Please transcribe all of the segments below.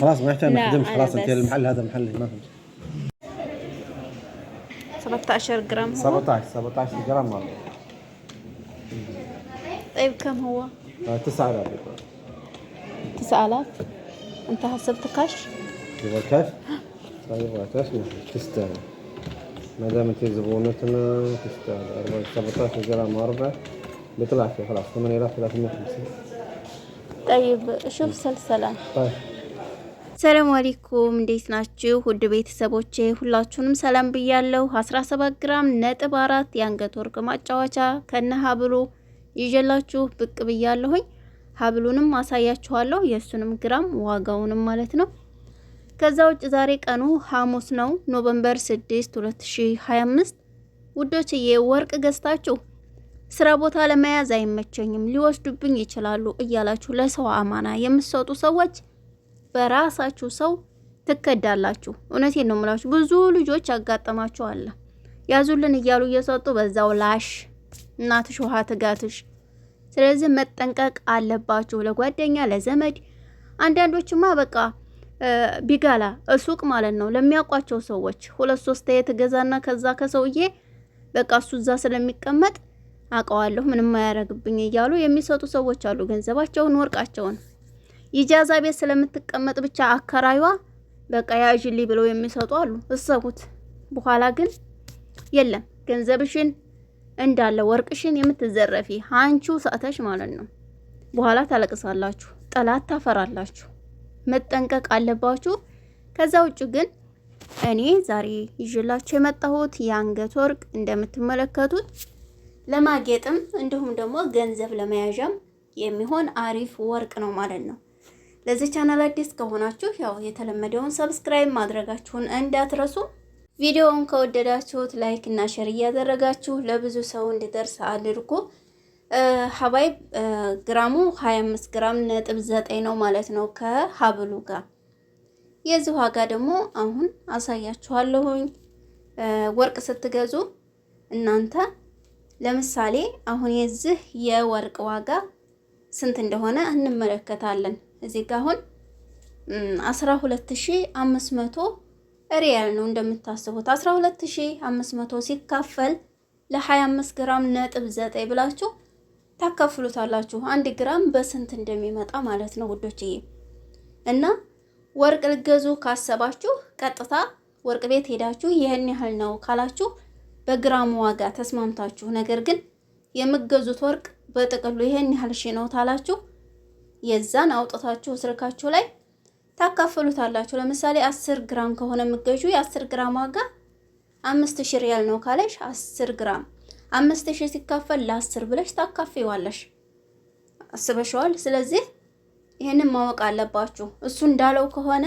خلاص ما يحتاج نخدمش خلاص انت المحل هذا محل ما فهمت 17 جرام هو 17 17 جرام والله طيب كم هو؟ 9000 آه، 9000 انت حسبت كاش؟ يبغى كاش؟ طيب، يبغى كاش تستاهل ما دام انت زبونتنا تستاهل 17 جرام وربع بيطلع فيه خلاص 8350 طيب شوف سلسلة طيب ሰላም አለይኩም እንዴት ናችሁ? ውድ ቤተሰቦቼ ሁላችሁንም ሰላም ብያለሁ። 17 ግራም ነጥብ አራት የአንገት ወርቅ ማጫወቻ ከነ ሀብሉ ይዤላችሁ ብቅ ብያለሁኝ። ሀብሉንም አሳያችኋለሁ የእሱንም ግራም ዋጋውንም ማለት ነው። ከዛ ውጭ ዛሬ ቀኑ ሐሙስ ነው ኖቨምበር 6 2025። ውዶችዬ ወርቅ ገዝታችሁ ስራ ቦታ ለመያዝ አይመቸኝም ሊወስዱብኝ ይችላሉ እያላችሁ ለሰው አማና የምትሰጡ ሰዎች በራሳችሁ ሰው ትከዳላችሁ። እውነቴን ነው የምላችሁ። ብዙ ልጆች ያጋጠማችኋል። ያዙልን እያሉ እየሰጡ በዛው ላሽ እናትሽ ውሃ ትጋትሽ። ስለዚህ መጠንቀቅ አለባችሁ፣ ለጓደኛ ለዘመድ። አንዳንዶችማ በቃ ቢጋላ ሱቅ ማለት ነው ለሚያውቋቸው ሰዎች ሁለት ሶስት ትገዛና ከዛ ከሰውዬ በቃ እሱ እዛ ስለሚቀመጥ አውቀዋለሁ ምንም አያደርግብኝ እያሉ የሚሰጡ ሰዎች አሉ፣ ገንዘባቸውን ወርቃቸውን ኢጃዛ ቤት ስለምትቀመጥ ብቻ አከራይዋ በቃ ያዥልኝ ብለው የሚሰጡ አሉ። እሰቡት። በኋላ ግን የለም ገንዘብሽን እንዳለ ወርቅሽን የምትዘረፊ አንቺ ሰዓተሽ ማለት ነው። በኋላ ታለቅሳላችሁ፣ ጠላት ታፈራላችሁ። መጠንቀቅ አለባችሁ። ከዛ ውጭ ግን እኔ ዛሬ ይዤላችሁ የመጣሁት የአንገት ወርቅ እንደምትመለከቱት ለማጌጥም እንዲሁም ደግሞ ገንዘብ ለመያዣም የሚሆን አሪፍ ወርቅ ነው ማለት ነው። ለዚህ ቻናል አዲስ ከሆናችሁ ያው የተለመደውን ሰብስክራይብ ማድረጋችሁን እንዳትረሱ። ቪዲዮውን ከወደዳችሁት ላይክ እና ሼር እያደረጋችሁ ለብዙ ሰው እንዲደርስ አድርጉ። ሀባይ ግራሙ 25 ግራም ነጥብ 9 ነው ማለት ነው ከሀብሉ ጋር። የዚህ ዋጋ ደግሞ አሁን አሳያችኋለሁኝ። ወርቅ ስትገዙ እናንተ ለምሳሌ አሁን የዚህ የወርቅ ዋጋ ስንት እንደሆነ እንመለከታለን። እዚህ ጋ አሁን 12500 ሪያል ነው እንደምታስቡት። 12500 ሲካፈል ለ25 ግራም ነጥብ 9 ብላችሁ ታካፍሉታላችሁ። አንድ ግራም በስንት እንደሚመጣ ማለት ነው ውዶችዬ። እና ወርቅ ልገዙ ካሰባችሁ ቀጥታ ወርቅ ቤት ሄዳችሁ ይህን ያህል ነው ካላችሁ በግራም ዋጋ ተስማምታችሁ፣ ነገር ግን የምገዙት ወርቅ በጥቅሉ ይህን ያህል ሺ ነው ታላችሁ የዛን አውጥታችሁ ስልካችሁ ላይ ታካፍሉታላችሁ። ለምሳሌ አስር ግራም ከሆነ የምትገዡ የአስር ግራም ዋጋ አምስት ሺህ ሪያል ነው ካለሽ አስር ግራም አምስት ሺህ ሲካፈል ለአስር ብለሽ ታካፊዋለሽ። አስበሽዋል። ስለዚህ ይህንን ማወቅ አለባችሁ። እሱ እንዳለው ከሆነ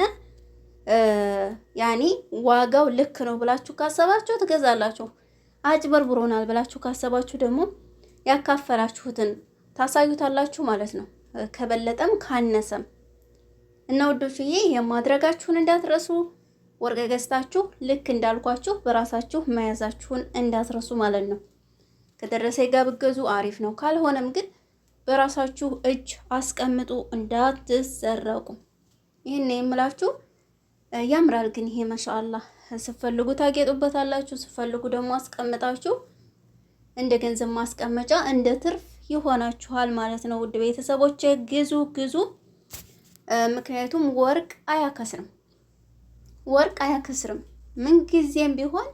ያኒ ዋጋው ልክ ነው ብላችሁ ካሰባችሁ ትገዛላችሁ። አጭበርብሮናል ብላችሁ ካሰባችሁ ደግሞ ያካፈላችሁትን ታሳዩታላችሁ ማለት ነው። ከበለጠም ካነሰም እና ወዶችዬ የማድረጋችሁን እንዳትረሱ። ወርቅ ገዝታችሁ ልክ እንዳልኳችሁ በራሳችሁ መያዛችሁን እንዳትረሱ ማለት ነው። ከደረሰ ጋር ብገዙ አሪፍ ነው። ካልሆነም ግን በራሳችሁ እጅ አስቀምጡ እንዳትዘረቁ ይህን የምላችሁ ያምራል። ግን ይሄ ማሻአላ ስፈልጉ ታጌጡበታላችሁ፣ ስፈልጉ ደግሞ አስቀምጣችሁ እንደ ገንዘብ ማስቀመጫ እንደ ትርፍ ይሆናችኋል ማለት ነው። ውድ ቤተሰቦች ግዙ ግዙ። ምክንያቱም ወርቅ አያከስርም፣ ወርቅ አያከስርም። ምንጊዜም ቢሆን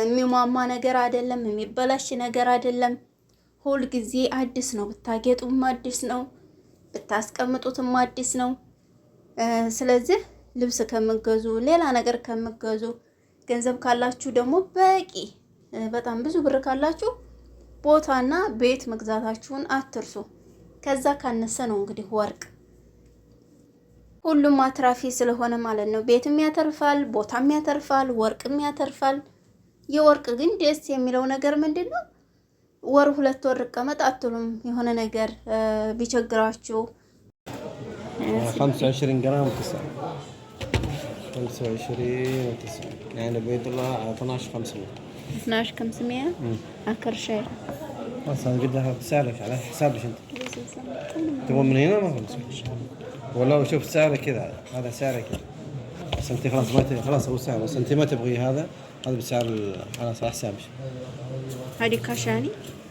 የሚሟሟ ነገር አይደለም፣ የሚበላሽ ነገር አይደለም። ሁል ጊዜ አዲስ ነው። ብታጌጡም አዲስ ነው፣ ብታስቀምጡትም አዲስ ነው። ስለዚህ ልብስ ከምገዙ ሌላ ነገር ከምገዙ ገንዘብ ካላችሁ ደግሞ በቂ በጣም ብዙ ብር ካላችሁ ቦታና ቤት መግዛታችሁን አትርሱ። ከዛ ካነሰ ነው እንግዲህ ወርቅ ሁሉም አትራፊ ስለሆነ ማለት ነው። ቤትም ያተርፋል፣ ቦታም ያተርፋል፣ ወርቅም ያተርፋል። የወርቅ ግን ደስ የሚለው ነገር ምንድን ነው? ወር ሁለት ወር እቀመጥ አትሉም። የሆነ ነገር ቢቸግራችሁ خمسة وعشرين 90 يعني بيد الله اثناش خمسمية 12 500 اخر شيء خلاص انا قلت لها سعرك على حسابك انت تبغى من هنا ما خمسة والله شوف سعرك كذا هذا سعرك كذا بس انت خلاص ما تبغي خلاص هو سعر بس انت ما تبغي هذا هذا بسعر خلاص على حسابك هذه كاشاني يعني؟